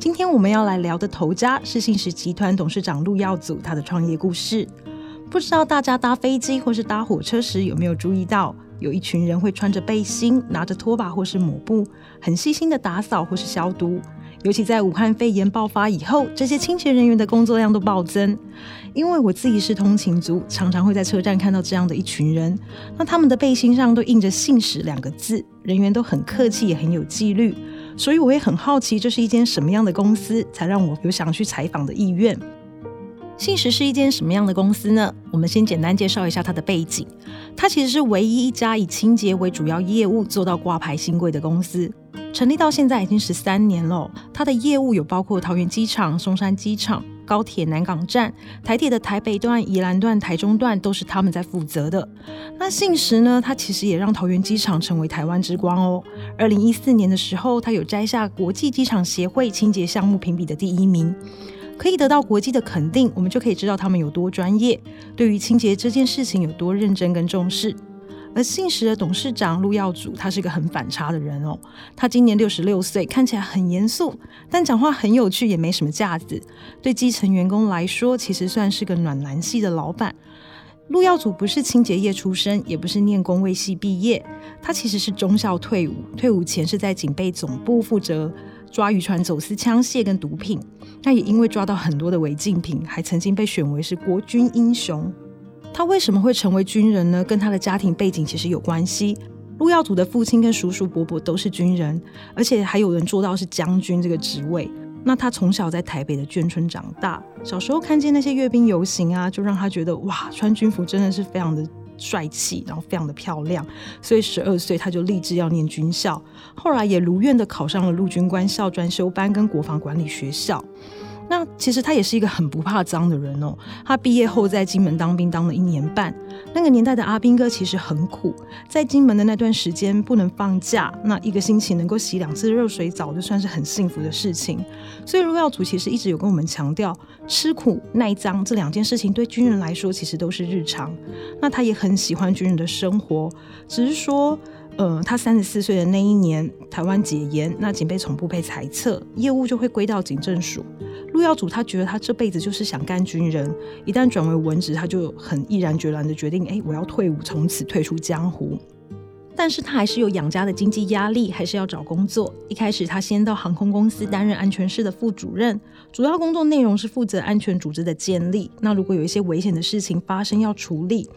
今天我們要來聊的頭家是信實集團董事長陸耀祖，他的創業故事。不知道大家搭飛機或是搭火車時有沒有注意到，有一群人會穿着背心，拿着拖把或是抹布，很細心的打掃或是消毒。尤其在武漢肺炎爆發以後，這些清潔人員的工作量都暴增。因為我自己是通勤族，常常會在車站看到這樣的一群人。那他們的背心上都印着「信實」兩個字，人員都很客氣也很有紀律。所以我也很好奇，這是一間什麼樣的公司，才讓我有想去採訪的意願？信實是一間什麼樣的公司呢？我們先簡單介紹一下它的背景。它其實是唯一一家以清潔為主要業務做到掛牌興櫃的公司，成立到現在已經十三年了。它的業務有包括桃園機場、松山機場。高鐵南港站、台鐵的台北段、宜蘭段、台中段都是他們在負責的。那信實呢？它其實也讓桃園機場成為台灣之光哦。二零一四年的時候，它有摘下國際機場協會清潔項目評比的第一名，可以得到國際的肯定，我們就可以知道他們有多專業，對於清潔這件事情有多認真跟重視。而信實的董事長陸耀祖，他是一個很反差的人哦。他今年六十六歲，看起來很嚴肅，但講話很有趣，也沒什麼架子。對基層員工來說，其實算是個暖男系的老闆。陸耀祖不是清潔業出身，也不是念工衛系畢業，他其實是中校退伍。退伍前是在警備總部負責抓漁船走私槍械跟毒品，但也因為抓到很多的違禁品，還曾經被選為是國軍英雄。他為什麼會成為軍人呢？跟他的家庭背景其實有關係。陸耀祖的父親跟叔叔伯伯都是軍人，而且還有人做到是將軍這個職位。那他從小在台北的眷村長大，小時候看見那些閱兵遊行啊，就讓他覺得哇，穿軍服真的是非常的帥氣，然後非常的漂亮。所以十二歲他就立志要念軍校，後來也如願的考上了陸軍官校專修班跟國防管理學校。那其實他也是一個很不怕髒的人哦。他畢業後在金門當兵當了一年半，那個年代的阿兵哥其實很苦，在金門的那段時間不能放假，那一個星期能夠洗兩次熱水澡就算是很幸福的事情。所以，陸耀祖其實一直有跟我們強調，吃苦耐髒這兩件事情對軍人來說其實都是日常。那他也很喜歡軍人的生活，只是說。呃、嗯，他三十四歲的那一年，台灣解嚴，那警備總部被裁撤，業務就會歸到警政署。陸耀祖他覺得他這輩子就是想幹軍人，一旦轉為文職，他就很毅然決然的決定，哎、欸，我要退伍，從此退出江湖。但是他還是有養家的經濟壓力，還是要找工作。一開始他先到航空公司擔任安全室的副主任，主要工作內容是負責安全組織的建立。那如果有一些危險的事情發生，要處理。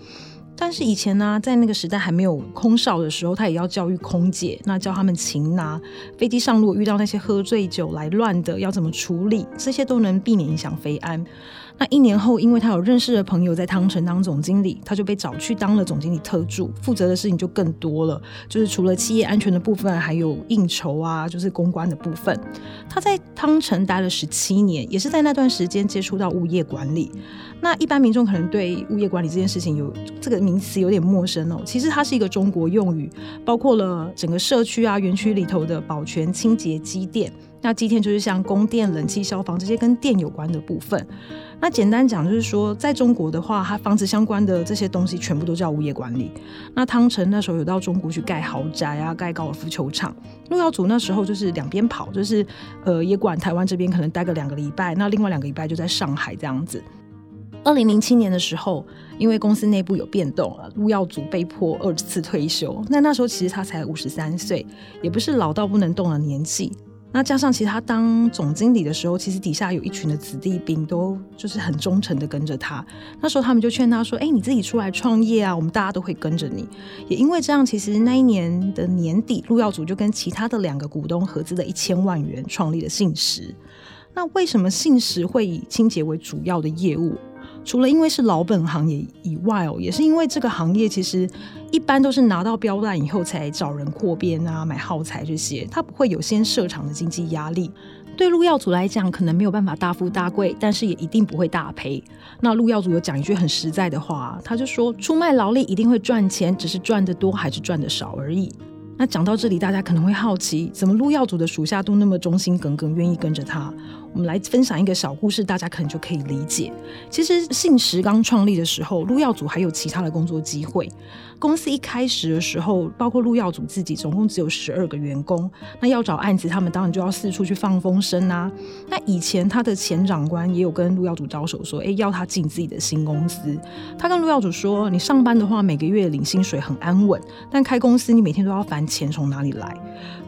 但是以前呢、啊，在那個時代還沒有空少的時候，他也要教育空姐，那教他們擒拿，飛機上路遇到那些喝醉酒來亂的，要怎麼處理，這些都能避免影響飛安。那一年後，因為他有認識的朋友在湯臣當總經理，他就被找去當了總經理特助，負責的事情就更多了，就是除了企業安全的部分，還有應酬啊，就是公關的部分。他在湯臣待了十七年，也是在那段時間接觸到物業管理。那一般民眾可能對物業管理這件事情有這個名詞有點陌生哦，其實它是一個中國用語，包括了整個社區啊、園區裡頭的保全、清潔、機電。那機電就是像供電、冷氣、消防這些跟電有關的部分。那簡單講就是說，在中國的話，它房子相關的這些東西全部都叫物業管理。那湯臣那時候有到中國去蓋豪宅啊、蓋高爾夫球場。陸耀祖那時候就是兩邊跑，就是呃，也管台灣這邊，可能待個兩個禮拜，那另外兩個禮拜就在上海這樣子。二零零七年的時候，因為公司內部有變動，陸耀祖被迫二次退休。那那時候其實他才五十三歲，也不是老到不能動的年紀。那加上其實他當總經理的時候，其實底下有一群的子弟兵，都就是很忠誠的跟着他。那時候他們就勸他說：“哎，你自己出來創業啊，我們大家都會跟着你。”也因為這樣，其實那一年的年底，陸耀祖就跟其他的兩個股東合資了一千萬元創立了信實。那為什麼信實會以清潔為主要的業務？除了因為是老本行業以外哦，也是因為這個行業其實一般都是拿到標單以後才找人擴編啊，買耗材這些。它不會有先設廠的經濟壓力。對陸耀祖來講，可能沒有辦法大富大貴，但是也一定不會大賠。那陸耀祖有講一句很實在的話，他就說：出賣勞力一定會賺錢，只是賺得多還是賺得少而已。那講到這裡，大家可能會好奇，怎麼陸耀祖的屬下都那麼忠心耿耿，願意跟着他？我們來分享一個小故事，大家可能就可以理解。其實信實剛創立的時候，陸耀祖還有其他的工作機會。公司一開始的時候，包括陸耀祖自己，總共只有十二個員工。那要找案子，他們當然就要四處去放風聲啊。那以前他的前長官也有跟陸耀祖招手說：“誒，要他進自己的新公司。”他跟陸耀祖說：“你上班的話，每個月領薪水很安穩，但開公司你每天都要煩。”錢從哪裡來？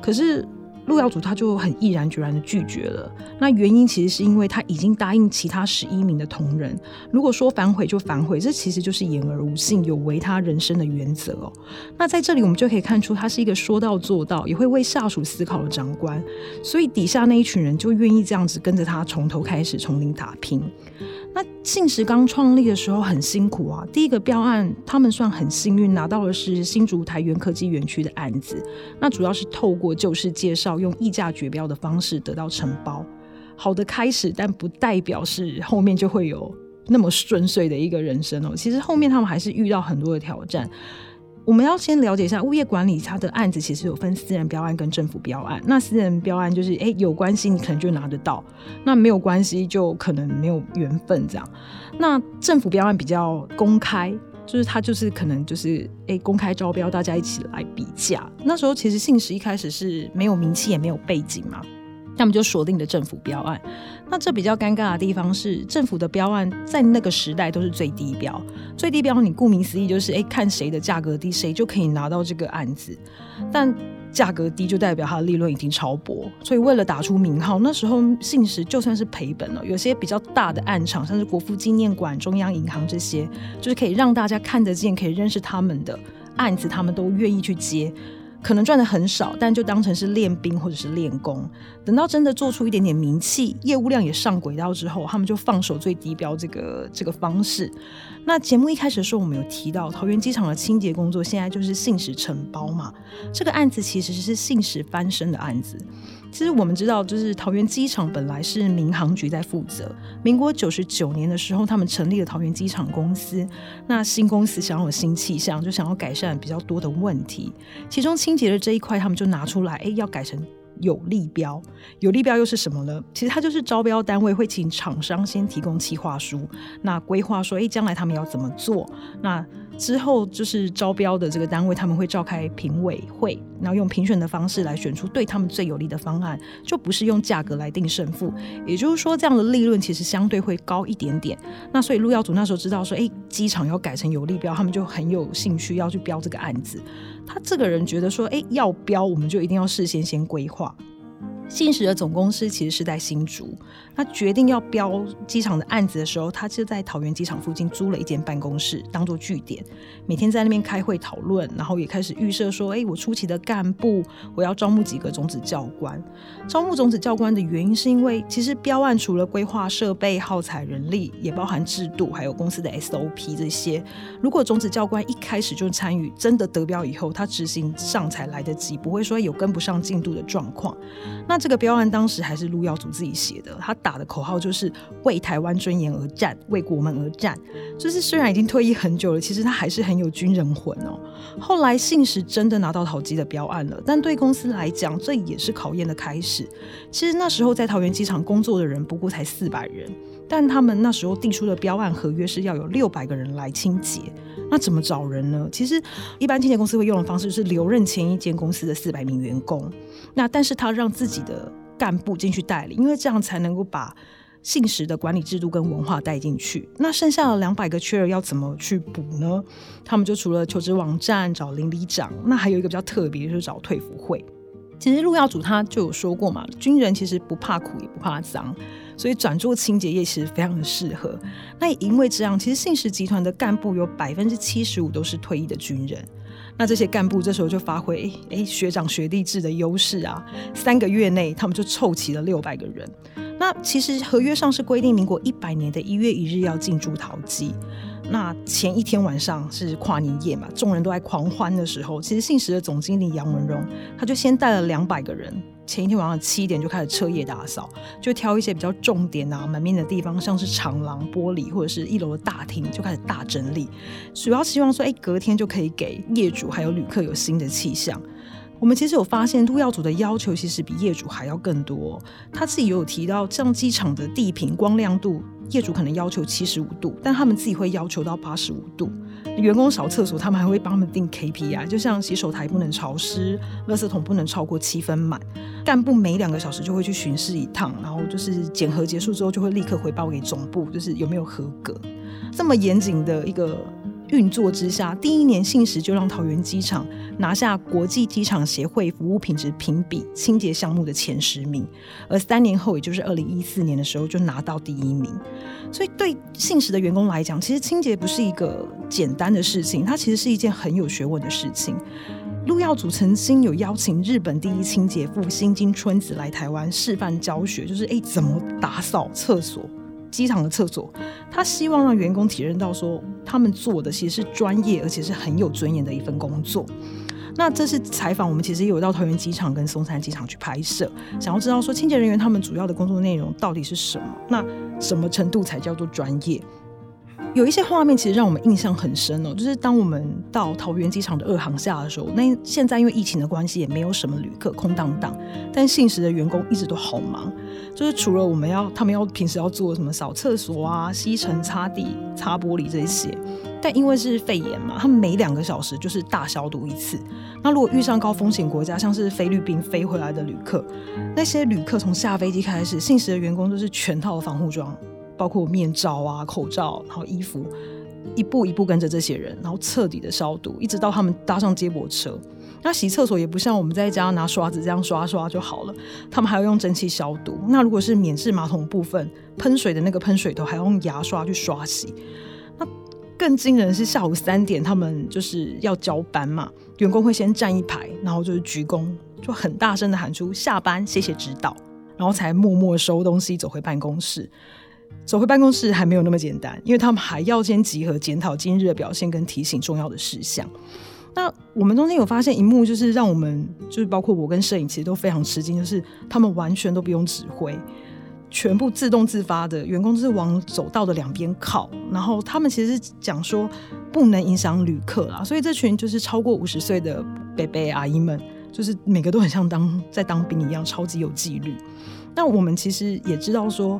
可是陸耀祖他就很毅然決然的拒絕了。那原因其實是因為他已經答應其他十一名的同仁，如果說反悔就反悔，這其實就是言而無信，有違他人生的原則哦、喔。那在這裡我們就可以看出，他是一個說到做到，也會為下屬思考的長官，所以底下那一群人就願意這樣子跟着他從頭開始，從零打拼。那信實剛創立的時候很辛苦啊，第一個標案他們算很幸運，拿到的是新竹台元科技園區的案子，那主要是透過舊識介紹，用議價決標的方式得到承包，好的開始，但不代表是後面就會有那麼順遂的一個人生哦，其實後面他們還是遇到很多的挑戰。我們要先了解一下物業管理，它的案子其實有分私人標案跟政府標案。那私人標案就是，哎、欸，有關係你可能就拿得到，那沒有關係就可能沒有緣分這樣。那政府標案比較公開，就是它就是可能就是，哎、欸，公開招標，大家一起來比價。那時候其實信實一開始是沒有名氣也沒有背景嘛。要麼就鎖定的政府標案，那這比較尷尬的地方是，政府的標案在那個時代都是最低標，最低標你顧名思義就是，誒、欸，看誰的價格低，誰就可以拿到這個案子。但價格低就代表它的利潤已經超薄，所以為了打出名號，那時候信實就算是賠本了。有些比較大的案場，像是國父紀念館、中央銀行這些，就是可以讓大家看得見、可以認識他們的案子，他們都願意去接。可能賺的很少，但就當成是練兵或者是練功。等到真的做出一點點名氣，業務量也上軌道之後，他們就放手最低標這個這個方式。那節目一開始的時候，我們有提到桃園機場的清潔工作，現在就是信實承包嘛。這個案子其實是信實翻身的案子。其實我們知道，就是桃園機場本來是民航局在負責。民國九十九年的時候，他們成立了桃園機場公司。那新公司想要有新氣象，就想要改善比較多的問題，其中清潔的這一塊，他們就拿出來，哎，要改成。有利標，有利標又是什麼呢？其實它就是招標單位會請廠商先提供企劃書，那規劃說，哎、欸，將來他們要怎麼做，那。之後就是招標的這個單位，他們會召開評委會，然後用評選的方式來選出對他們最有利的方案，就不是用價格來定勝負。也就是說，這樣的利潤其實相對會高一點點。那所以陸耀祖那時候知道說，哎，機場要改成有利標，他們就很有興趣要去標這個案子。他這個人覺得說，哎，要標我們就一定要事先先規劃。信實的總公司其實是在新竹。他決定要標機場的案子的時候，他就在桃園機場附近租了一間辦公室當做據點，每天在那邊開會討論，然後也開始預設說：哎，我初期的幹部，我要招募幾個種子教官。招募種子教官的原因是因為，其實標案除了規劃設備、耗材、人力，也包含制度還有公司的 SOP 這些。如果種子教官一開始就參與，真的得標以後，他執行上才來得及，不會說有跟不上進度的狀況。那這個標案當時還是陸耀祖自己寫的，他打的口號就是“為台灣尊嚴而戰，為國門而戰”。就是雖然已經退役很久了，其實他還是很有軍人魂哦。後來信實真的拿到桃機的標案了，但對公司來講，這也是考驗的開始。其實那時候在桃園機場工作的人不過才四百人，但他們那時候遞出的標案合約是要有六百個人來清潔。那怎麼找人呢？其實一般清潔公司會用的方式是留任前一間公司的四百名員工。那但是他讓自己的幹部進去代理，因為這樣才能夠把信實的管理制度跟文化帶進去。那剩下的兩百個缺要怎麼去補呢？他們就除了求職網站找鄰里長，那還有一個比較特別就是找退輔會。其實陸耀祖他就有說過嘛，軍人其實不怕苦也不怕髒，所以轉做清潔業其實非常的適合。那也因為這樣，其實信實集團的幹部有百分之七十五都是退役的軍人。那這些幹部這時候就發揮哎、欸、學長學弟制的優勢啊，三個月內他們就湊齊了六百個人。那其實合約上是規定民國一百年的一月一日要進駐桃機，那前一天晚上是跨年夜嘛，眾人都在狂歡的時候，其實信實的總經理楊文榮他就先帶了兩百個人。前一天晚上七點就開始徹夜打掃，就挑一些比較重點啊，門面的地方，像是長廊、玻璃，或者是一樓的大廳，就開始大整理。主要希望說，哎、欸，隔天就可以給業主還有旅客有新的氣象。我們其實有發現，陸耀祖的要求其實比業主還要更多、哦。他自己也有提到，像機場的地坪光亮度，業主可能要求七十五度，但他們自己會要求到八十五度。員工掃廁所，他們還會幫他們定 KPI，就像洗手台不能潮濕，垃圾桶不能超過七分滿。幹部每兩個小時就會去巡視一趟，然後就是檢核結束之後就會立刻回報給總部，就是有沒有合格。這麼嚴謹的一個。運作之下，第一年信實就讓桃園機場拿下國際機場協會服務品質評比清潔項目的前十名，而三年後，也就是二零一四年的時候，就拿到第一名。所以對信實的員工來講，其實清潔不是一個簡單的事情，它其實是一件很有學問的事情。陸耀祖曾經有邀請日本第一清潔婦新津春子來台灣示範教學，就是哎、欸、怎麼打掃廁所。機場的廁所，他希望讓員工體認到說，他們做的其實是專業，而且是很有尊嚴的一份工作。那這次採訪，我們其實也有到桃園機場跟松山機場去拍攝，想要知道說，清潔人員他們主要的工作內容到底是什麼？那什麼程度才叫做專業？有一些畫面其實讓我們印象很深哦、喔，就是當我們到桃園機場的二航廈的時候，那現在因為疫情的關係也沒有什麼旅客，空蕩蕩。但信實的員工一直都好忙，就是除了我們要他們要平時要做什麼，掃廁所啊、吸塵、擦地、擦玻璃這些。但因為是肺炎嘛，他們每兩個小時就是大消毒一次。那如果遇上高風險國家，像是菲律賓飛回來的旅客，那些旅客從下飛機開始，信實的員工都是全套的防護裝。包括面罩啊、口罩，然後衣服，一步一步跟着這些人，然後徹底的消毒，一直到他們搭上接駁車。那洗廁所也不像我們在家拿刷子這樣刷刷就好了，他們還要用蒸汽消毒。那如果是免治馬桶部分，噴水的那個噴水頭還要用牙刷去刷洗。那更驚人的是下午三點，他們就是要交班嘛，員工會先站一排，然後就是鞠躬，就很大聲的喊出“下班，謝謝指導”，然後才默默收東西走回辦公室。走回辦公室還沒有那麼簡單，因為他們還要先集合、檢討今日的表現，跟提醒重要的事項。那我們中間有發現一幕，就是讓我們就是包括我跟攝影，其實都非常吃驚，就是他們完全都不用指揮，全部自動自發的員工就是往走道的兩邊靠。然後他們其實講說，不能影響旅客啦，所以這群就是超過五十歲的北北阿姨們，就是每個都很像當在當兵一樣，超級有紀律。那我們其實也知道說。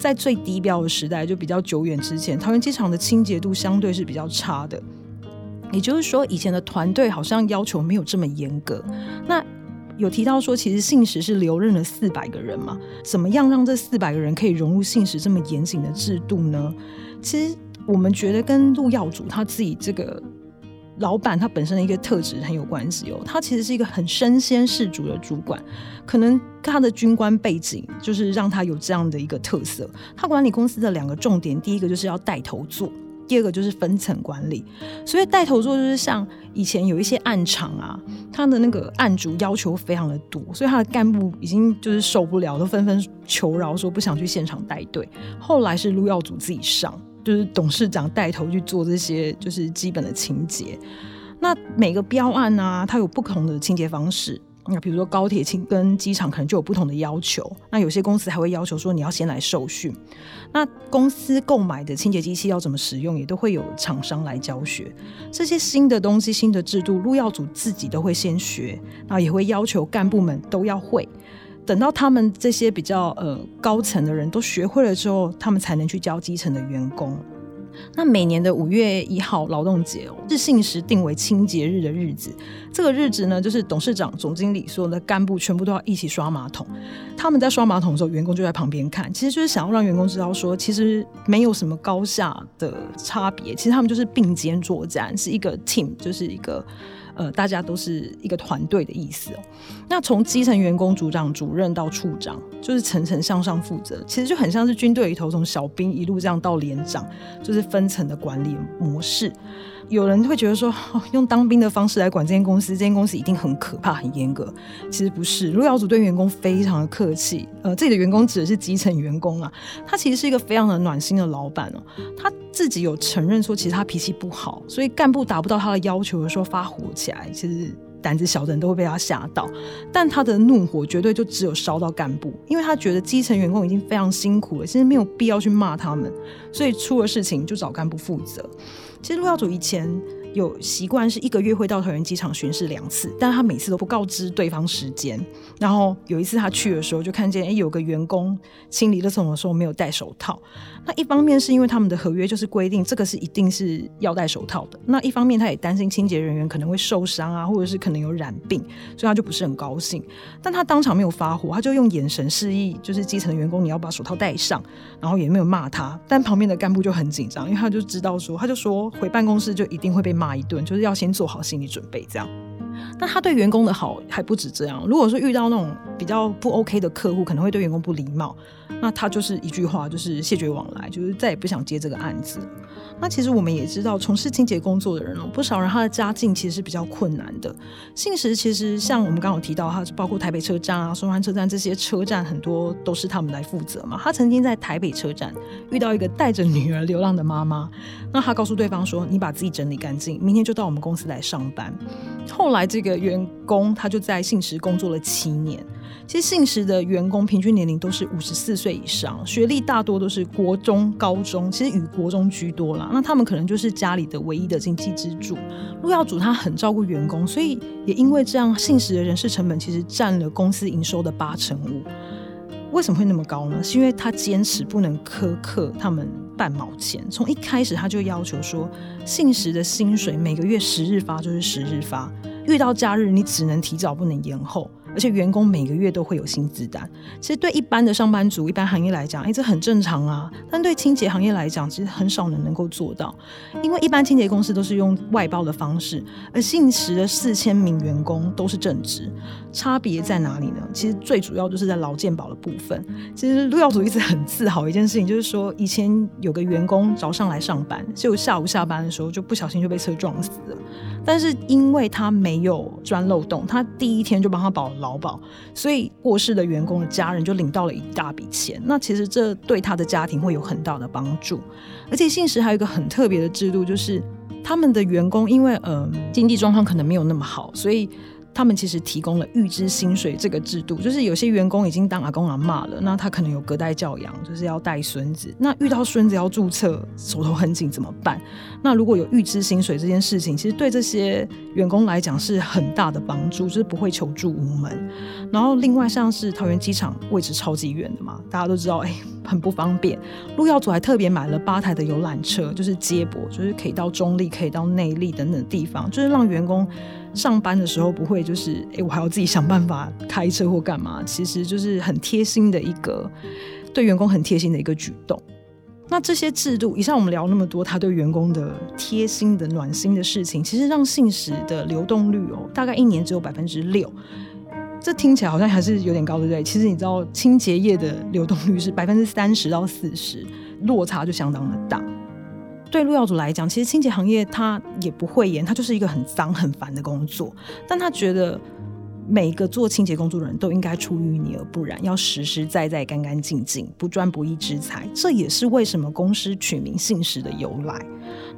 在最低標的時代，就比較久遠之前，桃園機場的清潔度相對是比較差的，也就是說，以前的團隊好像要求沒有這麼嚴格。那有提到說，其實信實是留任了四百個人嘛？怎麼樣讓這四百個人可以融入信實這麼嚴謹的制度呢？其實我們覺得跟陸耀祖他自己這個。老闆他本身的一個特質很有關係哦，他其實是一個很身先士卒的主管，可能他的軍官背景就是讓他有這樣的一個特色。他管理公司的兩個重點，第一個就是要帶頭做，第二個就是分層管理。所以帶頭做就是像以前有一些案場啊，他的那個案主要求非常的多，所以他的幹部已經就是受不了，都紛紛求饒說不想去現場帶隊。後來是陸耀祖自己上。就是董事長帶頭去做這些，就是基本的清潔。那每個標案啊，它有不同的清潔方式。那比如說高鐵跟機場可能就有不同的要求。那有些公司還會要求說你要先來受訓。那公司購買的清潔機器要怎麼使用，也都會有廠商來教學。這些新的東西、新的制度，陸耀祖自己都會先學，然後也會要求幹部們都要會。等到他們這些比較呃高層的人都學會了之後，他們才能去教基層的員工。那每年的五月一號勞動節、哦、信實訂定為清潔日的日子，這個日子呢，就是董事長、總經理所有的幹部全部都要一起刷馬桶。他們在刷馬桶的時候，員工就在旁邊看，其實就是想要讓員工知道說，其實沒有什麼高下的差別，其實他們就是並肩作戰，是一個 team，就是一個。呃，大家都是一個團隊的意思哦、喔。那從基層員工、組長、主任到處長，就是層層向上負責，其實就很像是軍隊裡頭從小兵一路這樣到連長，就是分層的管理模式。有人會覺得說、哦，用當兵的方式來管這間公司，這間公司一定很可怕，很嚴格。其實不是，盧耀祖對員工非常的客氣。呃，自己的員工指的是基層員工啊，他其實是一個非常的暖心的老闆哦、啊。他自己有承認說，其實他脾氣不好，所以幹部達不到他的要求的時候，發火起來，其實。膽子小的人都會被他嚇到，但他的怒火絕對就只有燒到幹部，因為他覺得基層員工已經非常辛苦了，其實沒有必要去罵他們，所以出了事情就找幹部負責。其實陸耀祖以前。有習慣是一個月會到桃園機場巡視兩次，但他每次都不告知對方時間。然後有一次他去的時候，就看見哎、欸、有個員工清理垃圾桶的時候沒有戴手套。那一方面是因為他們的合約就是規定這個是一定是要戴手套的。那一方面他也擔心清潔人員可能會受傷啊，或者是可能有染病，所以他就不是很高興。但他當場沒有發火，他就用眼神示意，就是基層的員工你要把手套戴上，然後也沒有罵他。但旁邊的幹部就很緊張，因為他就知道說，他就說回辦公室就一定會被。罵一頓，就是要先做好心理準備，這樣。那他對員工的好還不止這樣，如果說遇到那種比較不 OK 的客戶，可能會對員工不禮貌。那他就是一句話，就是謝絕往來，就是再也不想接這個案子。那其實我們也知道，從事清潔工作的人哦，不少人他的家境其實是比較困難的。信實其實像我們剛好提到，他包括台北車站啊、松山車站這些車站，很多都是他們來負責嘛。他曾經在台北車站遇到一個帶着女兒流浪的媽媽，那他告訴對方說：“你把自己整理乾淨，明天就到我們公司來上班。”後來這個員工他就在信實工作了七年。其實信實的員工平均年齡都是五十四。歲以上，學歷大多都是國中、高中，其實以國中居多了。那他們可能就是家裡的唯一的經濟支柱。陸耀祖他很照顧員工，所以也因為這樣，信實的人事成本其實佔了公司營收的八成五。為什麼會那麼高呢？是因為他堅持不能苛刻他們半毛錢。從一開始他就要求說，信實的薪水每個月十日發就是十日發，遇到假日你只能提早，不能延後。而且員工每個月都會有薪資單，其實對一般的上班族、一般行業來講，欸，這很正常啊。但對清潔行業來講，其實很少能能夠做到，因為一般清潔公司都是用外包的方式，而信實的四千名員工都是正職，差別在哪裡呢？其實最主要就是在勞健保的部分。其實陸耀祖一直很自豪一件事情，就是說以前有個員工早上來上班，就下午下班的時候就不小心就被車撞死了，但是因為他沒有鑽漏洞，他第一天就幫他保。勞保，所以過世的員工的家人就領到了一大筆錢。那其實這對他的家庭會有很大的幫助，而且信實還有一個很特別的制度，就是他們的員工因為嗯、呃、經濟狀況可能沒有那麼好，所以。他們其實提供了預支薪水這個制度，就是有些員工已經當阿公阿嬤了，那他可能有隔代教養，就是要帶孫子。那遇到孫子要註冊，手頭很緊怎麼辦？那如果有預支薪水這件事情，其實對這些員工來講是很大的幫助，就是不會求助無門。然後另外像是桃園機場位置超級遠的嘛，大家都知道，哎、欸，很不方便。陸耀祖還特別買了八台的遊覽車，就是接駁，就是可以到中壢、可以到內壢等等的地方，就是讓員工。上班的時候不會，就是哎、欸，我還要自己想辦法開車或幹嘛？其實就是很貼心的一個對員工很貼心的一個舉動。那這些制度，以上我們聊那麼多，他對員工的貼心的暖心的事情，其實讓信實的流動率哦、喔，大概一年只有百分之六，這聽起來好像還是有點高，對不對？其實你知道，清潔業的流動率是百分之三十到四十，落差就相當的大。對陸耀祖來講，其實清潔行業他也不諱言，他就是一個很髒很煩的工作。但他覺得每一個做清潔工作的人都應該出淤泥而不染，要實實在在，在、乾乾淨淨，不賺不義之財。這也是為什麼公司取名信實的由來。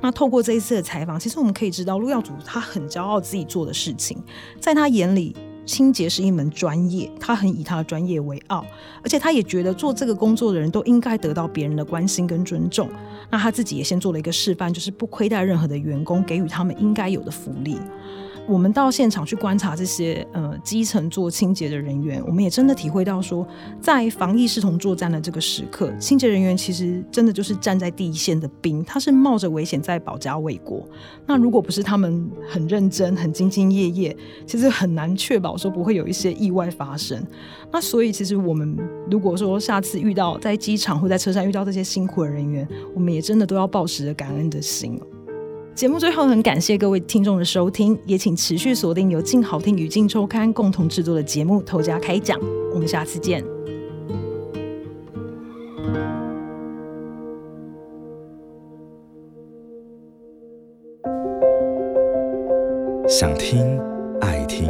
那透過這一次的採訪，其實我們可以知道，陸耀祖他很驕傲自己做的事情，在他眼裡。清潔是一門專業，他很以他的專業為傲，而且他也覺得做這個工作的人都應該得到別人的關心跟尊重。那他自己也先做了一個示範，就是不虧待任何的員工，給予他們應該有的福利。我們到現場去觀察這些呃基層做清潔的人員，我們也真的體會到說，在防疫視同作戰的這個時刻，清潔人員其實真的就是站在第一線的兵，他是冒着危險在保家衛國。那如果不是他們很認真、很兢兢業業，其實很難確保說不會有一些意外發生。那所以，其實我們如果說下次遇到在機場或在車上遇到這些辛苦的人員，我們也真的都要抱持着感恩的心。節目最後，很感謝各位聽眾的收聽，也請持續鎖定由鏡好聽與《鏡》周刊共同制作的節目《頭家開講》，我們下次見。想聽、愛聽，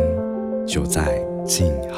就在鏡。